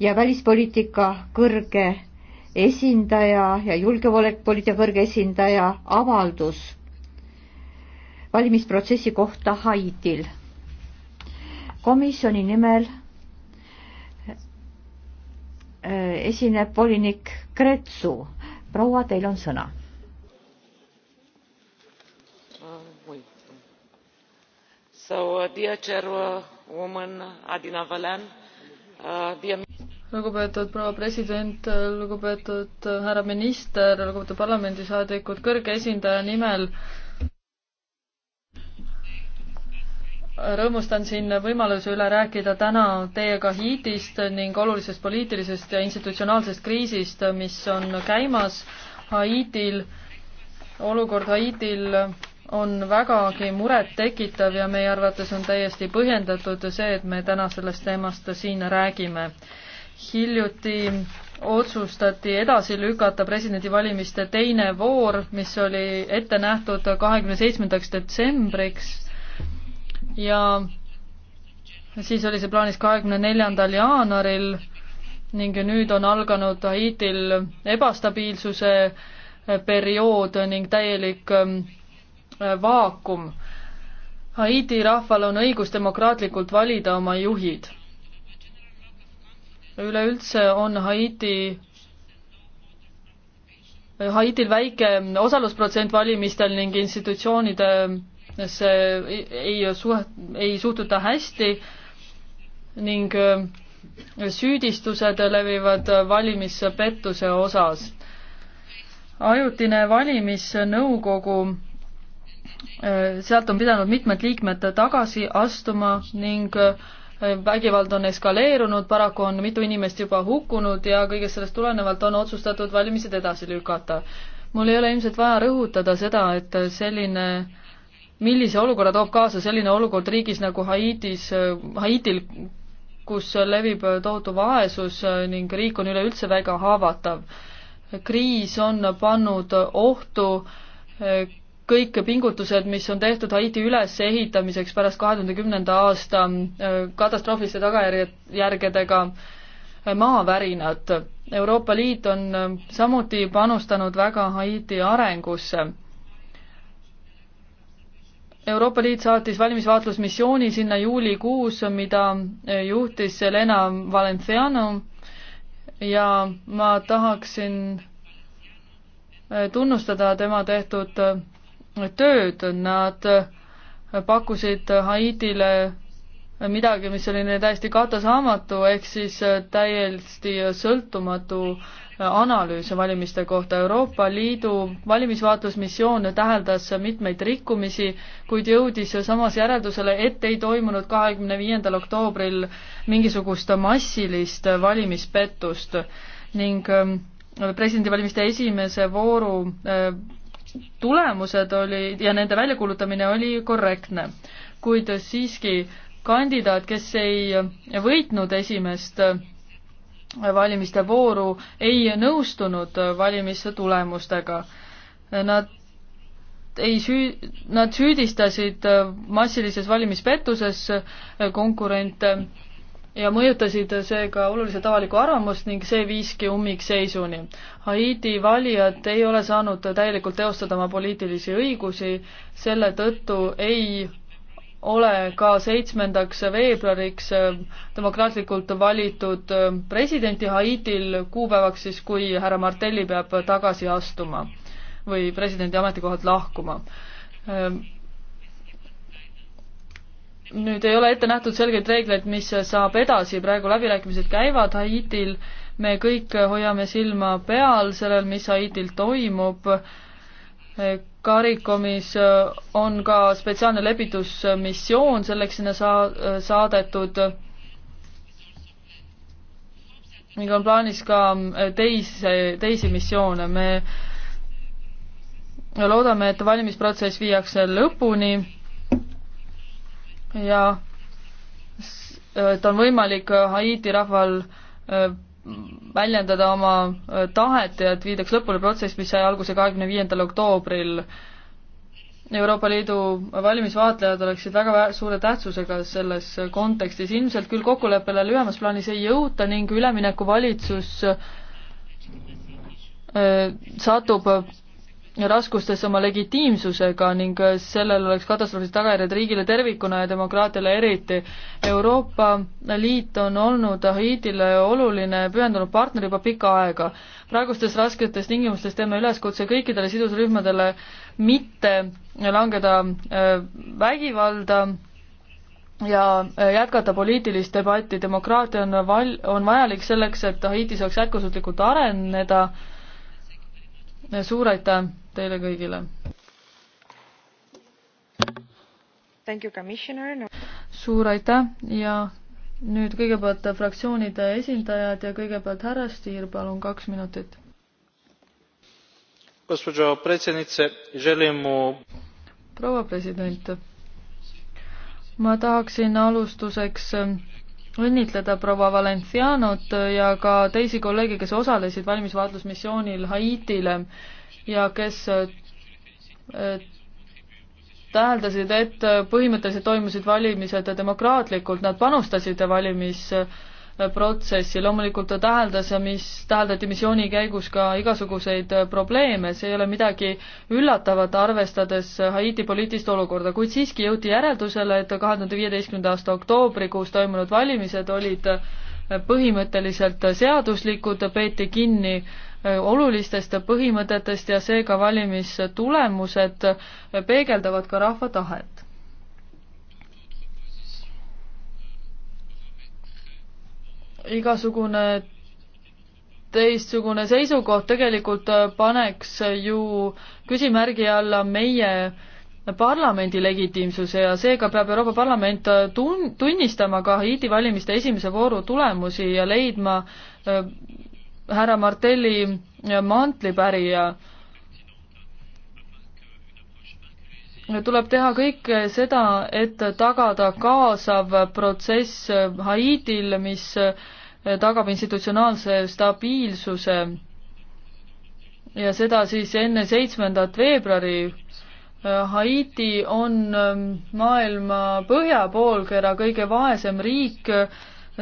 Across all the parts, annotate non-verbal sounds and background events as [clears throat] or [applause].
ja välispoliitika kõrge esindaja ja julgeolekupoliitika kõrge esindaja avaldus valimisprotsessi kohta Haitil. komisjoni nimel äh, esineb volinik Kretsu. proua, teil on sõna. So, uh, dear chairwoman Adina Valen, uh, dear lugupeetud proua president, lugupeetud härra minister, lugupeetud parlamendisaadikud, kõrge esindaja nimel rõõmustan siin võimaluse üle rääkida täna teiega Hiidist ning olulisest poliitilisest ja institutsionaalsest kriisist, mis on käimas Haiitil. olukord Haiitil on vägagi murettekitav ja meie arvates on täiesti põhjendatud see, et me täna sellest teemast siin räägime hiljuti otsustati edasi lükata presidendivalimiste teine voor, mis oli ette nähtud kahekümne seitsmendaks detsembriks ja siis oli see plaanis kahekümne neljandal jaanuaril ning nüüd on alganud Haitil ebastabiilsuse periood ning täielik ähm, vaakum. Haiti rahval on õigus demokraatlikult valida oma juhid üleüldse on Haiti Haitil väike osalusprotsent valimistel ning institutsioonidesse ei suht-, ei suhtuta hästi ning äh, süüdistused levivad valimispettuse osas. ajutine valimisnõukogu äh, sealt on pidanud mitmed liikmed tagasi astuma ning äh, vägivald on eskaleerunud, paraku on mitu inimest juba hukkunud ja kõigest sellest tulenevalt on otsustatud valimised edasi lükata. mul ei ole ilmselt vaja rõhutada seda, et selline millise olukorra toob kaasa selline olukord riigis nagu Haitis, Haitil, kus levib tohutu vaesus ning riik on üleüldse väga haavatav. kriis on pannud ohtu kõik pingutused, mis on tehtud Haiti ülesehitamiseks pärast kahe tuhande kümnenda aasta äh, katastroofiliste tagajärgedega äh, maavärinad. Euroopa Liit on äh, samuti panustanud väga Haiti arengusse. Euroopa Liit saatis valmisvaatlusmissiooni sinna juulikuus, mida juhtis Helena Valenciano ja ma tahaksin tunnustada tema tehtud tööd, nad pakkusid Haitile midagi, mis oli neile täiesti katasaamatu, ehk siis täiesti sõltumatu analüüse valimiste kohta. Euroopa Liidu valimisvaatlusmissioon täheldas mitmeid rikkumisi, kuid jõudis samas järeldusele, et ei toimunud kahekümne viiendal oktoobril mingisugust massilist valimispettust ning ähm, presidendivalimiste esimese vooru äh, tulemused oli ja nende väljakuulutamine oli korrektne. kuid siiski kandidaat, kes ei võitnud esimest valimiste vooru, ei nõustunud valimistulemustega. Nad ei süü-, nad süüdistasid massilises valimispettuses konkurente ja mõjutasid seega oluliselt avalikku arvamust ning see viiski ummikseisuni. Haiti valijad ei ole saanud täielikult teostada oma poliitilisi õigusi, selle tõttu ei ole ka seitsmendaks veebruariks demokraatlikult valitud presidenti Haitil kuupäevaks siis, kui härra Martelli peab tagasi astuma või presidendi ametikohalt lahkuma nüüd ei ole ette nähtud selgeid reegleid, mis saab edasi, praegu läbirääkimised käivad Haitil, me kõik hoiame silma peal sellel, mis Haitil toimub. Karikomis on ka spetsiaalne lepitusmissioon selleks sinna saa-, saadetud ning on plaanis ka äh, teise, teisi missioone, me loodame, et valimisprotsess viiakse lõpuni ja et on võimalik äh, Haiti rahval äh, väljendada oma äh, tahet ja et viidaks lõpule protsess, mis sai alguse kahekümne viiendal oktoobril. Euroopa Liidu valimisvaatlejad oleksid väga suure tähtsusega selles kontekstis, ilmselt küll kokkuleppele lühemas plaanis ei jõuta ning üleminekuvalitsus satub raskustes oma legitiimsusega ning sellel oleks katastroofilised tagajärjed riigile tervikuna ja demokraatiale eriti. Euroopa Liit on olnud Haitile oluline pühendunud partner juba pikka aega. praegustes rasketes tingimustes teeme üleskutse kõikidele sidusrühmadele mitte langeda äh, vägivalda ja äh, jätkata poliitilist debatti, demokraatia on val-, on vajalik selleks, et Haiti saaks jätkusuutlikult areneda, suur aitäh! teile kõigile. suur aitäh ja nüüd kõigepealt fraktsioonide esindajad ja kõigepealt härra Stier, palun kaks minutit. proua president, ma tahaksin alustuseks õnnitleda proua Valencianot ja ka teisi kolleege, kes osalesid valmisvaatlusmissioonil Haitile ja kes äh, täheldasid, et põhimõtteliselt toimusid valimised demokraatlikult, nad panustasid valimis- protsessi, loomulikult täheldas ja mis, täheldati missiooni käigus ka igasuguseid äh, probleeme, see ei ole midagi üllatavat, arvestades äh, Haiti poliitilist olukorda, kuid siiski jõuti järeldusele, et kahe tuhande viieteistkümnenda aasta oktoobrikuus toimunud valimised olid äh, põhimõtteliselt seaduslikud, peeti kinni olulistest põhimõtetest ja seega valimistulemused peegeldavad ka rahva tahet igasugune teistsugune seisukoht tegelikult äh, paneks ju küsimärgi alla meie parlamendi legitiimsuse ja seega peab Euroopa Parlament äh, tun-, tunnistama ka Haiti valimiste esimese vooru tulemusi ja leidma äh, härra Martelli mantlipärija. tuleb teha kõike seda, et tagada kaasav protsess Haitil, mis äh, tagab institutsionaalse stabiilsuse ja seda siis enne seitsmendat veebruari. Haiti on ähm, maailma põhjapoolkera kõige vaesem riik,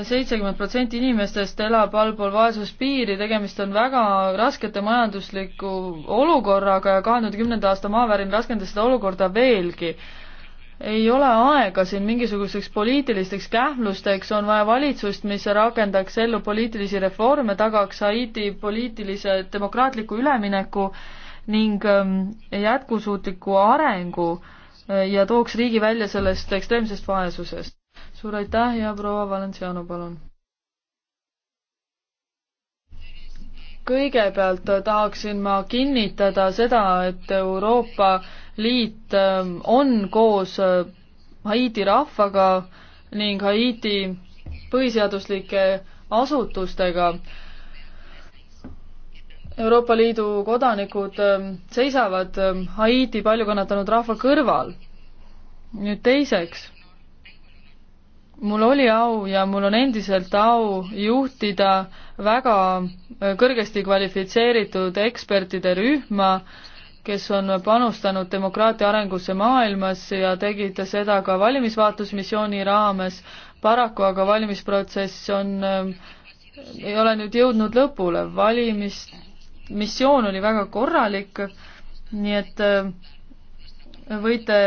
seitsekümmend protsenti inimestest elab allpool vaesuspiiri, tegemist on väga raskete majandusliku olukorraga ja kahe tuhande kümnenda aasta maavärin raskendas seda olukorda veelgi ei ole aega siin mingisuguseks poliitilisteks kähmlusteks, on vaja valitsust, mis rakendaks ellu poliitilisi reforme, tagaks Haiti poliitilise demokraatliku ülemineku ning ähm, jätkusuutliku arengu äh, ja tooks riigi välja sellest ekstreemsest vaesusest. suur aitäh ja proua Valenciano, palun! kõigepealt tahaksin ma kinnitada seda, et Euroopa liit ähm, on koos äh, Haiti rahvaga ning Haiti põhiseaduslike asutustega. Euroopa Liidu kodanikud ähm, seisavad ähm, Haiti palju kannatanud rahva kõrval. nüüd teiseks, mul oli au ja mul on endiselt au juhtida väga äh, kõrgesti kvalifitseeritud ekspertide rühma, kes on panustanud demokraatia arengusse maailmas ja tegid seda ka valimisvaatlusmissiooni raames. paraku aga valimisprotsess on, ei ole nüüd jõudnud lõpule, valimis, missioon oli väga korralik, nii et äh, võite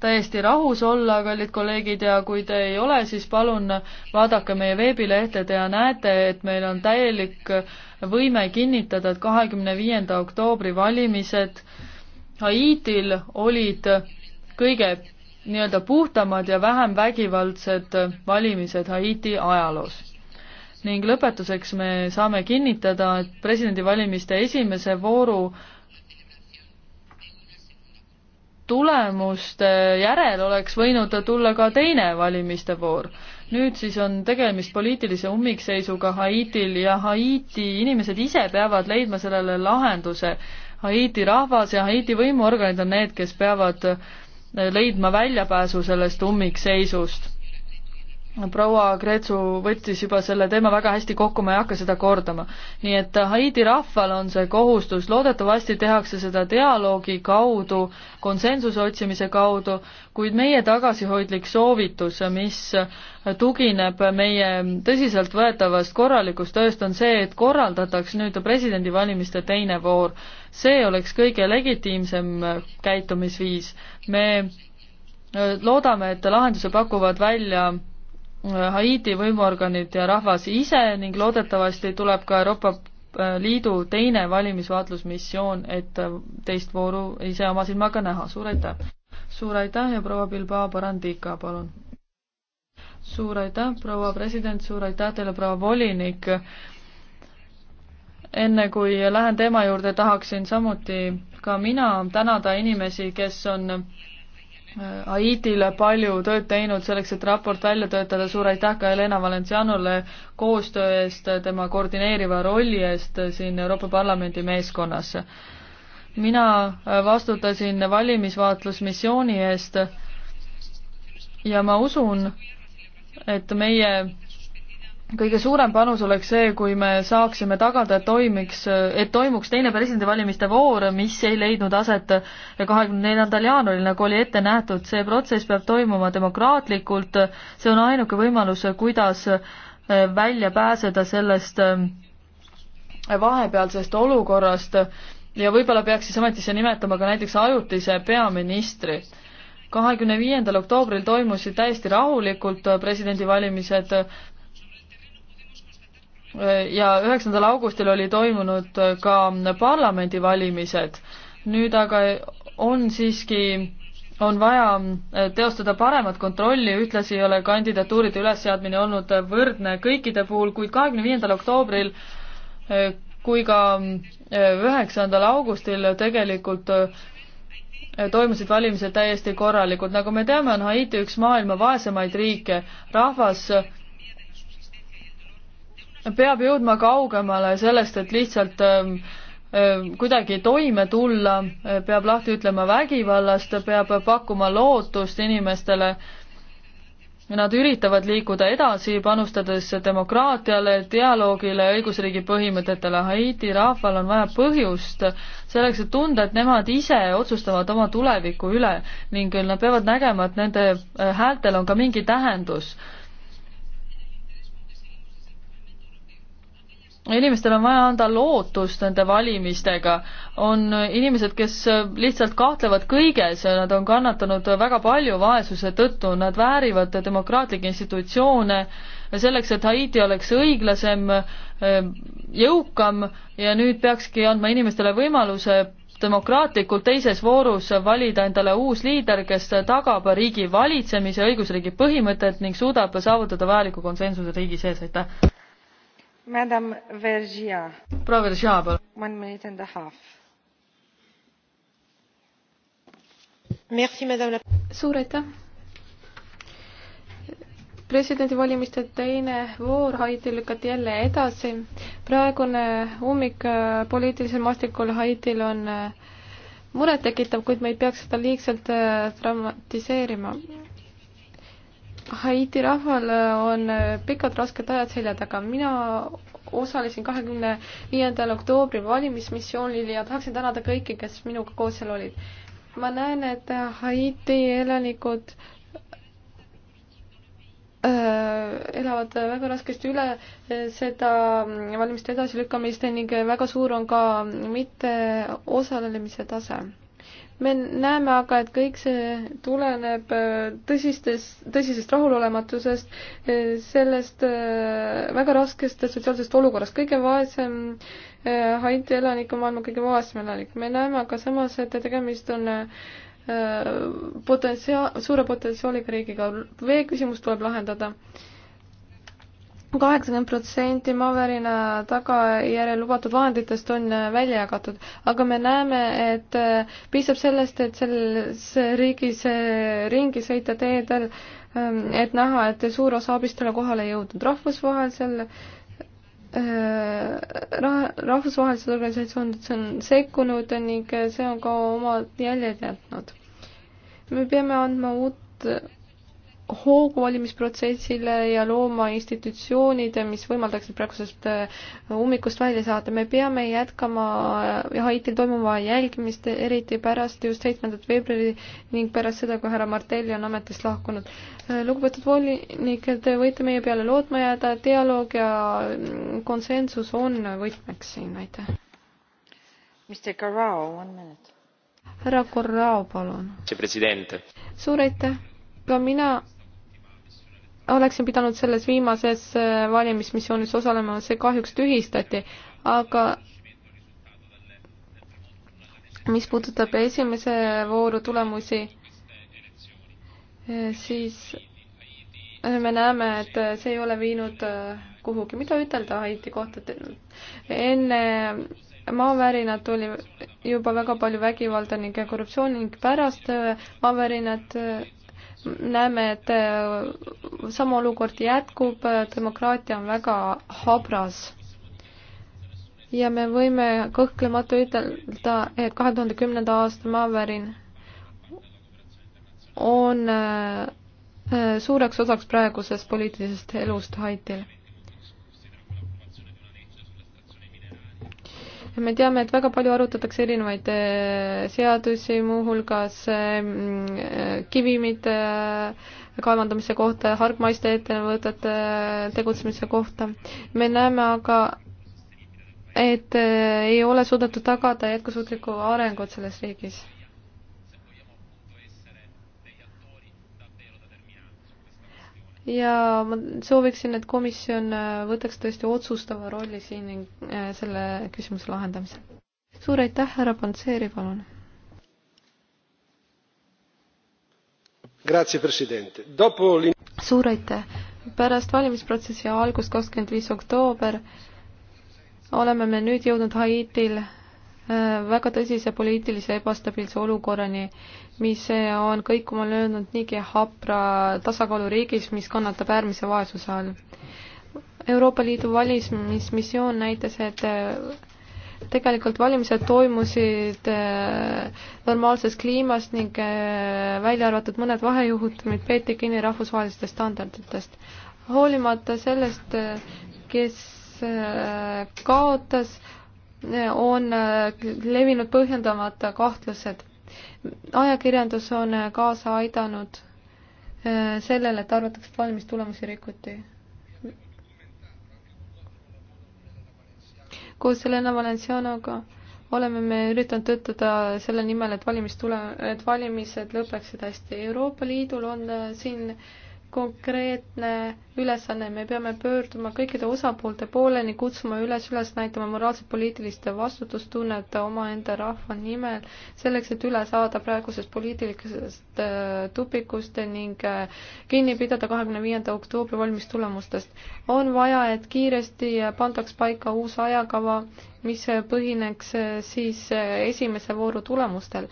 täiesti rahus olla, kallid kolleegid, ja kui te ei ole, siis palun vaadake meie veebilehted ja näete, et meil on täielik äh, võime kinnitada, et kahekümne viienda oktoobri valimised Haiitil olid kõige nii-öelda puhtamad ja vähem vägivaldsed valimised Haiti ajaloos. ning lõpetuseks me saame kinnitada, et presidendivalimiste esimese vooru tulemuste järel oleks võinud tulla ka teine valimiste voor nüüd siis on tegemist poliitilise ummikseisuga Haitil ja Haiti inimesed ise peavad leidma sellele lahenduse. Haiti rahvas ja Haiti võimuorganid on need, kes peavad leidma väljapääsu sellest ummikseisust proua Kreetsu võttis juba selle teema väga hästi kokku, ma ei hakka seda kordama. nii et Haiti rahval on see kohustus, loodetavasti tehakse seda dialoogi kaudu, konsensuse otsimise kaudu, kuid meie tagasihoidlik soovitus, mis tugineb meie tõsiseltvõetavast korralikust tööst, on see, et korraldataks nüüd presidendivalimiste teine voor. see oleks kõige legitiimsem käitumisviis. me loodame, et lahenduse pakuvad välja Haiti võimuorganid ja rahvas ise ning loodetavasti tuleb ka Euroopa äh, Liidu teine valimisvaatlusmissioon, et äh, teist vooru ise oma silmaga näha. suur aitäh! suur aitäh ja proua Bilbao Barandika, palun! suur aitäh, proua president, suur aitäh teile, proua volinik! enne kui lähen teema juurde, tahaksin samuti ka mina tänada inimesi, kes on Äh, Haitile palju tööd teinud selleks, et raport välja töötada, suur aitäh ka Helena Valencianole koostöö eest, tema koordineeriva rolli eest siin Euroopa Parlamendi meeskonnas. mina äh, vastutasin valimisvaatlusmissiooni eest ja ma usun, et meie kõige suurem panus oleks see, kui me saaksime tagada, et toimiks, et toimuks teine presidendivalimiste voor, mis ei leidnud aset kahekümne neljandal jaanuaril, nagu oli ette nähtud. see protsess peab toimuma demokraatlikult, see on ainuke võimalus, kuidas eh, välja pääseda sellest eh, vahepealsest olukorrast ja võib-olla peaks siis ametisse nimetama ka näiteks ajutise peaministri kahekümne viiendal oktoobril toimusid täiesti rahulikult presidendivalimised, ja üheksandal augustil oli toimunud ka parlamendivalimised. nüüd aga on siiski, on vaja eh, teostada paremat kontrolli, ühtlasi ei ole kandidatuuride ülesseadmine olnud võrdne kõikide puhul, kuid kahekümne viiendal oktoobril eh, kui ka eh, üheksandal augustil tegelikult toimusid valimised täiesti korralikult. nagu me teame, on Haiti üks maailma vaesemaid riike. rahvas peab jõudma kaugemale sellest, et lihtsalt ähm, ähm, kuidagi toime tulla, äh, peab lahti ütlema vägivallast, peab pakkuma lootust inimestele. Nad üritavad liikuda edasi, panustades demokraatiale, dialoogile, õigusriigi põhimõtetele. Haiti rahval on vaja põhjust selleks, et tunda, et nemad ise otsustavad oma tuleviku üle ning nad peavad nägema, et nende äh, häältel on ka mingi tähendus inimestel on vaja anda lootust nende valimistega. on inimesed, kes lihtsalt kahtlevad kõiges ja nad on kannatanud väga palju vaesuse tõttu, nad väärivad demokraatlikke institutsioone ja selleks, et Haiti oleks õiglasem, jõukam ja nüüd peakski andma inimestele võimaluse demokraatlikult teises voorus valida endale uus liider, kes tagab riigi valitsemise, õigusriigi põhimõtted ning suudab saavutada vajaliku konsensuse riigi sees, aitäh! proua Veržia, palun. suur aitäh presidendivalimiste teine voor Haitil lükati jälle edasi. praegune ummik äh, poliitilisel maastikul Haitil on äh, murettekitav, kuid me ei peaks seda liigselt äh, dramatiseerima. Haiti rahval on pikad rasked ajad selja taga. mina osalesin kahekümne viiendal oktoobril valimismissioonil ja tahaksin tänada kõiki, kes minuga koos seal olid. ma näen, et Haiti elanikud äh, elavad väga raskesti üle seda valimiste edasilükkamist ning väga suur on ka mitteosalemise tase me näeme aga, et kõik see tuleneb äh, tõsistes, tõsisest rahulolematusest, äh, sellest äh, väga raskest sotsiaalsest olukorrast. kõige vaesem Haiti elanik on maailma kõige vaesem elanik. me näeme aga samas, et tegemist on potentsia-, suure potentsiaaliga riigiga. veeküsimus tuleb lahendada kaheksakümmend protsenti maavärina tagajärjel lubatud vahenditest on äh, välja jagatud, aga me näeme, et äh, piisab sellest, et selles riigis ringi sõita teedel, ähm, et näha, et suur osa abist ei ole kohale jõudnud. rahvusvahelisel äh, rah-, rahvusvahelised organisatsioonid on sekkunud ning see on ka oma jäljed jätnud. me peame andma uut hoogu valimisprotsessile ja looma institutsioonid, mis võimaldaksid praegusest äh, ummikust välja saada. me peame jätkama äh, Haitil toimuva jälgimist, eriti pärast just seitsmendat veebruari ning pärast seda, kui härra Martelli on ametist lahkunud. Äh, lugupeetud volinik, te võite meie peale lootma jääda, dialoog ja mm, konsensus on võtmeks siin, aitäh. härra Corrao, palun. suur aitäh, ka mina oleksin pidanud selles viimases äh, valimismissioonis osalema, see kahjuks tühistati, aga mis puudutab esimese vooru tulemusi, äh, siis äh, me näeme, et see ei ole viinud kuhugi. mida ütelda Haiti kohta? enne maavärinat oli juba väga palju vägivalda ning korruptsiooni ning pärast maavärinat näeme, et äh, sama olukord jätkub, äh, demokraatia on väga habras ja me võime kõhklemata ütelda, et kahe tuhande kümnenda aasta maavärin on äh, suureks osaks praegusest poliitilisest elust Haitil. me teame, et väga palju arutatakse erinevaid äh, seadusi, muuhulgas äh, mm, äh, kivimite kaevandamise kohta, hargmaiste ettevõtete tegutsemise kohta. me näeme aga, et ei ole suudetud tagada jätkusuutlikku arengut selles riigis ja ma sooviksin, et komisjon äh, võtaks tõesti otsustava rolli siin ning äh, selle küsimuse lahendamisel. suur aitäh, härra Pantseri, palun. suur aitäh. pärast valimisprotsessi algust kakskümmend viis oktoober oleme me nüüd jõudnud Haitil väga tõsise poliitilise ebastabiilse olukorrani, mis on kõikuma löönud niigi hapra tasakaalu riigis, mis kannatab äärmise vaesuse all. Euroopa Liidu valimismissioon näitas, et tegelikult valimised toimusid äh, normaalses kliimas ning äh, välja arvatud mõned vahejuhtumid peeti kinni rahvusvahelistest standarditest. hoolimata sellest, äh, kes kaotas, on äh, levinud põhjendamata kahtlused. ajakirjandus on äh, kaasa aidanud äh, sellele, et arvatakse, et valmistulemusi rikuti. koos Helena Valencianoga oleme me üritanud töötada selle nimel, et valimistule, et valimised lõpeksid hästi. Euroopa Liidul on siin äh, konkreetne ülesanne, me peame pöörduma kõikide osapoolte pooleni, kutsuma üles, üles näitama moraalset poliitilist vastutustunnet omaenda rahva nimel, selleks, et üle saada praegusest poliitilisest äh, tupikust ning äh, kinni pidada kahekümne viienda oktoobri valmistulemustest. on vaja, et kiiresti äh, pandaks paika uus ajakava, mis põhineks siis esimese vooru tulemustel.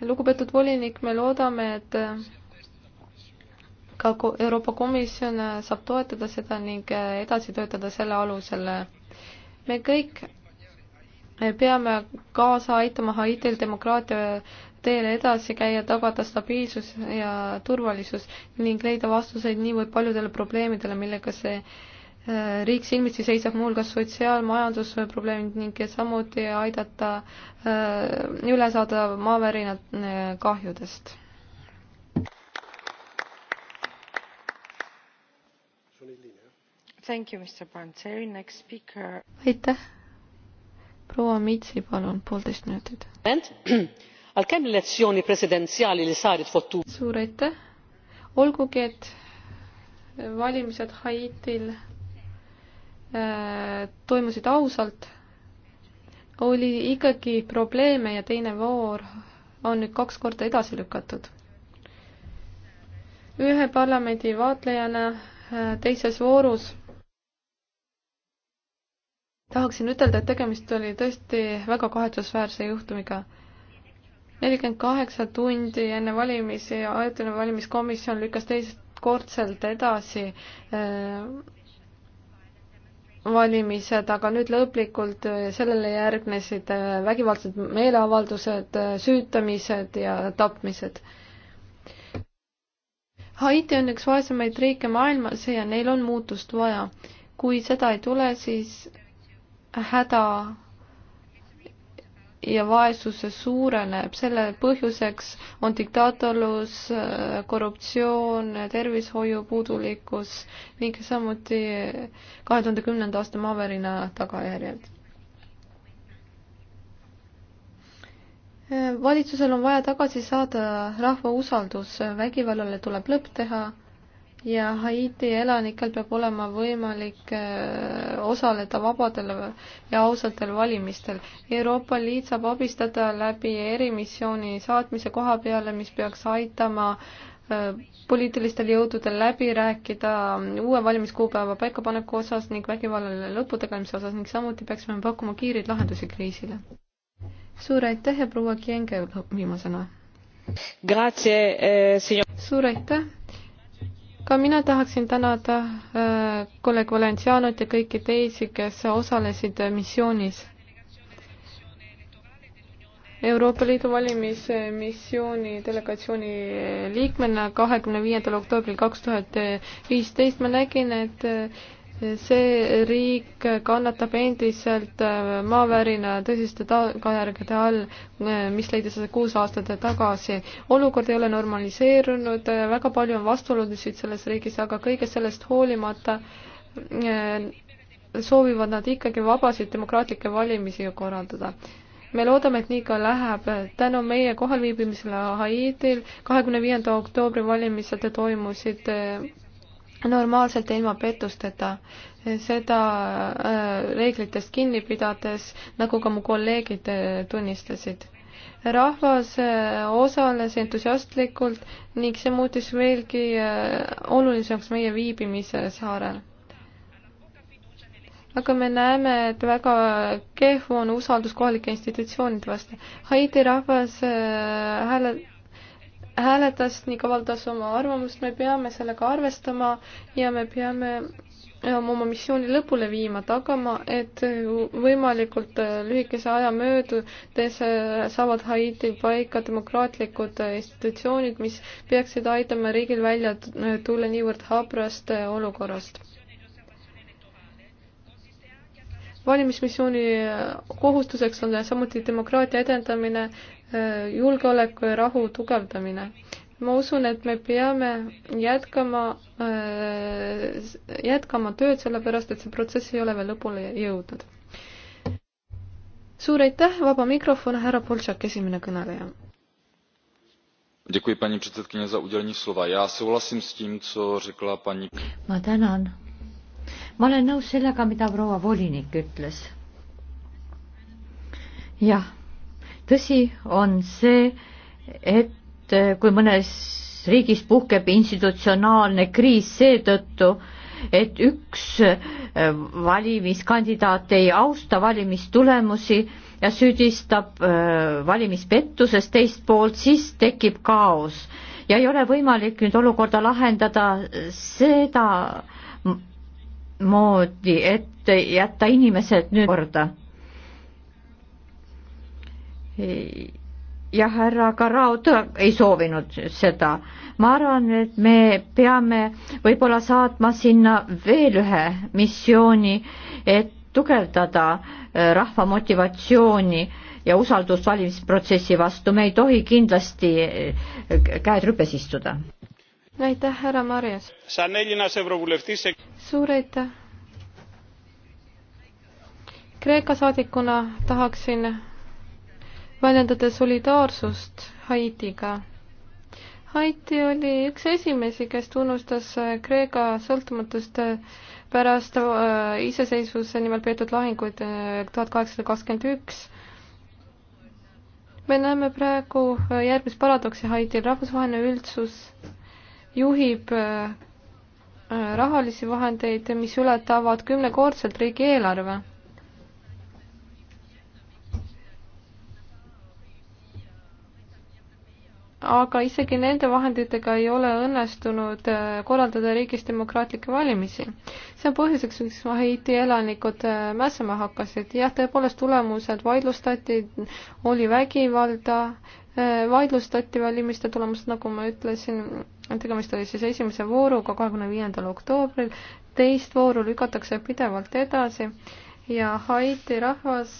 lugupeetud volinik, me loodame, et ka Euroopa Komisjon äh, saab toetada seda ning äh, edasi töötada selle alusel. me kõik äh, peame kaasa aitama Haitil demokraatia teel edasi käia, tagada stabiilsus ja turvalisus ning leida vastuseid niivõrd paljudele probleemidele, millega see riik silmitsi seisab muuhulgas sotsiaal-, majandusprobleemid ning samuti aidata üle saada maavärina kahjudest aitäh! proua Mitsi, palun, poolteist minutit. [clears throat] suur aitäh! olgugi, et valimised Haitil äh, toimusid ausalt, oli ikkagi probleeme ja teine voor on nüüd kaks korda edasi lükatud. ühe parlamendi vaatlejana äh, teises voorus tahaksin ütelda, et tegemist oli tõesti väga kahetsusväärse juhtumiga. nelikümmend kaheksa tundi enne valimisi ajutine valimiskomisjon lükkas teistkordselt edasi äh, valimised, aga nüüd lõplikult äh, sellele järgnesid äh, vägivaldsed meeleavaldused, süütamised ja tapmised Haiti on üks vaesemaid riike maailmas ja neil on muutust vaja. kui seda ei tule, siis häda ja vaesuse suureneb, selle põhjuseks on diktaatorlus, korruptsioon, tervishoiu puudulikkus ning samuti kahe tuhande kümnenda aasta maavärina tagajärjed. valitsusel on vaja tagasi saada rahva usaldus, vägivallale tuleb lõpp teha ja Haiti elanikel peab olema võimalik äh, osaleda vabadel ja ausatel valimistel. Euroopa Liit saab abistada läbi erimissiooni saatmise koha peale, mis peaks aitama äh, poliitilistel jõududel läbi rääkida ähm, uue valimiskuupäeva paikapaneku osas ning vägivallale lõpu tegemise osas ning samuti peaksime pakkuma kiireid lahendusi kriisile. suur aitäh ja proua Kienge viimasena. Äh, suur aitäh ka mina tahaksin tänada äh, kolleeg Valencianot ja kõiki teisi, kes osalesid äh, missioonis. Euroopa Liidu valimismissiooni delegatsiooni liikmena kahekümne viiendal oktoobril kaks tuhat viisteist ma nägin, et äh, see riik kannatab endiselt äh, maavärina tõsiste tagajärgede all, äh, mis leidis kuus aastat tagasi. olukord ei ole normaliseerunud, äh, väga palju on vastuolusid selles riigis, aga kõigest sellest hoolimata soovivad nad ikkagi vabasid demokraatlikke valimisi korraldada me loodame, et nii ka läheb. tänu meie kohalviibimisele Haitil kahekümne viienda oktoobri valimised toimusid normaalselt ja ilma pettusteta, seda äh, reeglitest kinni pidades, nagu ka mu kolleegid äh, tunnistasid. rahvas äh, osales entusiastlikult ning see muutis veelgi olulisemaks meie viibimise saarel. aga me näeme, et väga kehv on usaldus kohalike institutsioonide vastu. Haiti rahvas hääle äh, hääletas ning avaldas oma arvamust, me peame sellega arvestama ja me peame eh, oma missiooni lõpule viima, tagama, et võimalikult eh, lühikese aja möödudes eh, saavad Haitil paika demokraatlikud institutsioonid, mis peaksid aitama riigil välja tulla niivõrd habrast olukorrast. valimismissiooni kohustuseks on samuti demokraatia edendamine julgeoleku ja rahu tugevdamine. ma usun, et me peame jätkama, äh, jätkama tööd, sellepärast et see protsess ei ole veel lõpule jõudnud. suur aitäh, vaba mikrofon, härra Poltšak, esimene kõneleja. Děkuji paní předsedkyně za udělení slova. Já souhlasím s tím, co řekla paní. Ma tänan. Ma olen nõus sellega, mida proua volinik ütles. Jah tõsi on see, et äh, kui mõnes riigis puhkeb institutsionaalne kriis seetõttu, et üks äh, valimiskandidaat ei austa valimistulemusi ja süüdistab äh, valimispettuses teist poolt, siis tekib kaos. ja ei ole võimalik nüüd olukorda lahendada seda moodi, et jätta inimesed nüüd korda jah, härra Karaud ei soovinud seda. ma arvan, et me peame võib-olla saatma sinna veel ühe missiooni, et tugevdada äh, rahva motivatsiooni ja usaldust valimisprotsessi vastu, me ei tohi kindlasti äh, käed rüpes istuda. aitäh, härra Marjas. suur aitäh. Kreeka saadikuna tahaksin väljendada solidaarsust Haitiga. Haiti oli üks esimesi, kes tunnustas äh, Kreeka sõltumatust äh, pärast äh, iseseisvuse nimel peetud lahinguid tuhat kaheksasada kakskümmend üks me näeme praegu järgmist paradoksi Haitil, rahvusvaheline üldsus juhib rahalisi vahendeid, mis ületavad kümnekordselt riigieelarve. aga isegi nende vahenditega ei ole õnnestunud äh, korraldada riigis demokraatlikke valimisi. see on põhjuseks, miks Haiti elanikud äh, mässama hakkasid. jah, tõepoolest tulemused vaidlustati, oli vägivalda, äh, vaidlustati valimiste tulemused, nagu ma ütlesin, tegemist oli siis esimese vooruga kahekümne viiendal oktoobril, teist vooru lükatakse pidevalt edasi ja Haiti rahvas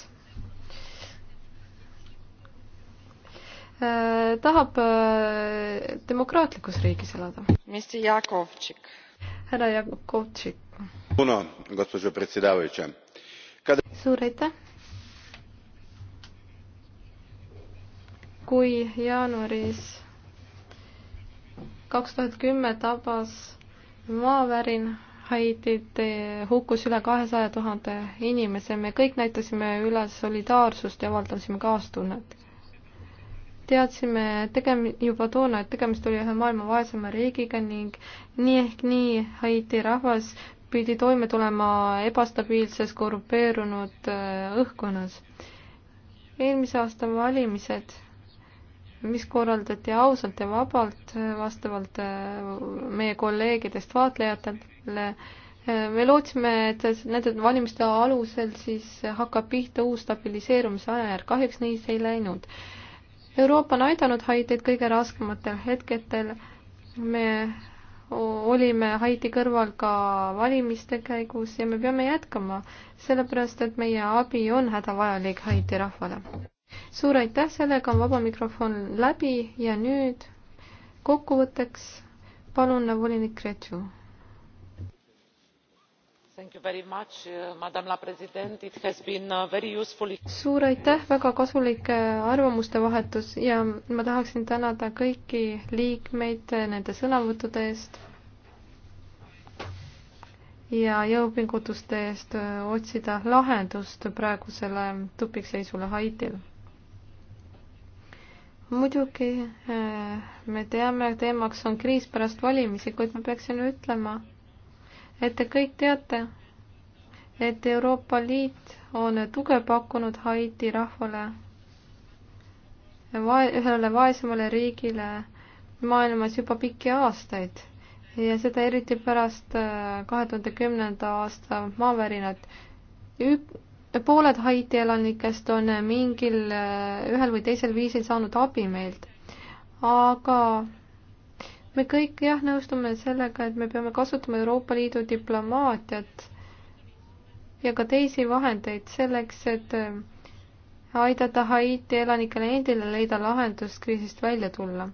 Äh, tahab äh, demokraatlikus riigis elada. härra Jakovtšik. suur aitäh. kui jaanuaris kaks tuhat kümme tabas maavärin Haitit hukkus üle kahesaja tuhande inimese, me kõik näitasime üles solidaarsust ja avaldasime kaastunnet teadsime tegem-, juba toona, et tegemist oli ühe maailma vaesema riigiga ning nii ehk nii Haiti rahvas pidi toime tulema ebastabiilses korrupeerunud äh, õhkkonnas. eelmise aasta valimised, mis korraldati ausalt ja vabalt äh, vastavalt äh, meie kolleegidest vaatlejatele, me lootsime, et nende valimiste alusel siis hakkab pihta uus stabiliseerumise ajajärk, kahjuks nii see ei läinud Euroopa on aidanud Haitit kõige raskematel hetketel. me olime Haiti kõrval ka valimiste käigus ja me peame jätkama, sellepärast et meie abi on hädavajalik Haiti rahvale. suur aitäh, sellega on vaba mikrofon läbi ja nüüd kokkuvõtteks palun volinik Gretšu Uh, uh, suur aitäh väga kasulike äh, arvamuste vahetus ja ma tahaksin tänada kõiki liikmeid äh, nende sõnavõttude eest ja jõupingutuste eest äh, otsida lahendust praegusele tupikseisule Haitil. muidugi me teame, teemaks on kriis pärast valimisi, kuid ma peaksin ütlema, et te kõik teate, et Euroopa Liit on tuge pakkunud Haiti rahvale, ühele vaesemale riigile maailmas juba pikki aastaid ja seda eriti pärast äh, kahe tuhande kümnenda aasta maavärinat. pooled Haiti elanikest on mingil, äh, ühel või teisel viisil saanud abi meilt, aga me kõik jah, nõustume sellega, et me peame kasutama Euroopa Liidu diplomaatiat ja ka teisi vahendeid selleks, et äh, aidata Haiti elanikele endile leida lahendust kriisist välja tulla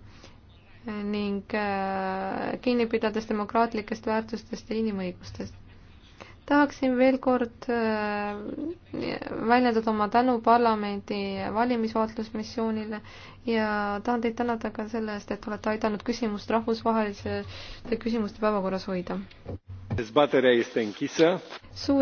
ning äh, kinni pidades demokraatlikest väärtustest ja inimõigustest tahaksin veel kord äh, väljendada oma tänu parlamendi valimisvaatlusmissioonile ja tahan teid tänada ka selle eest, et olete aidanud küsimust rahvusvaheliste küsimuste päevakorras hoida. suur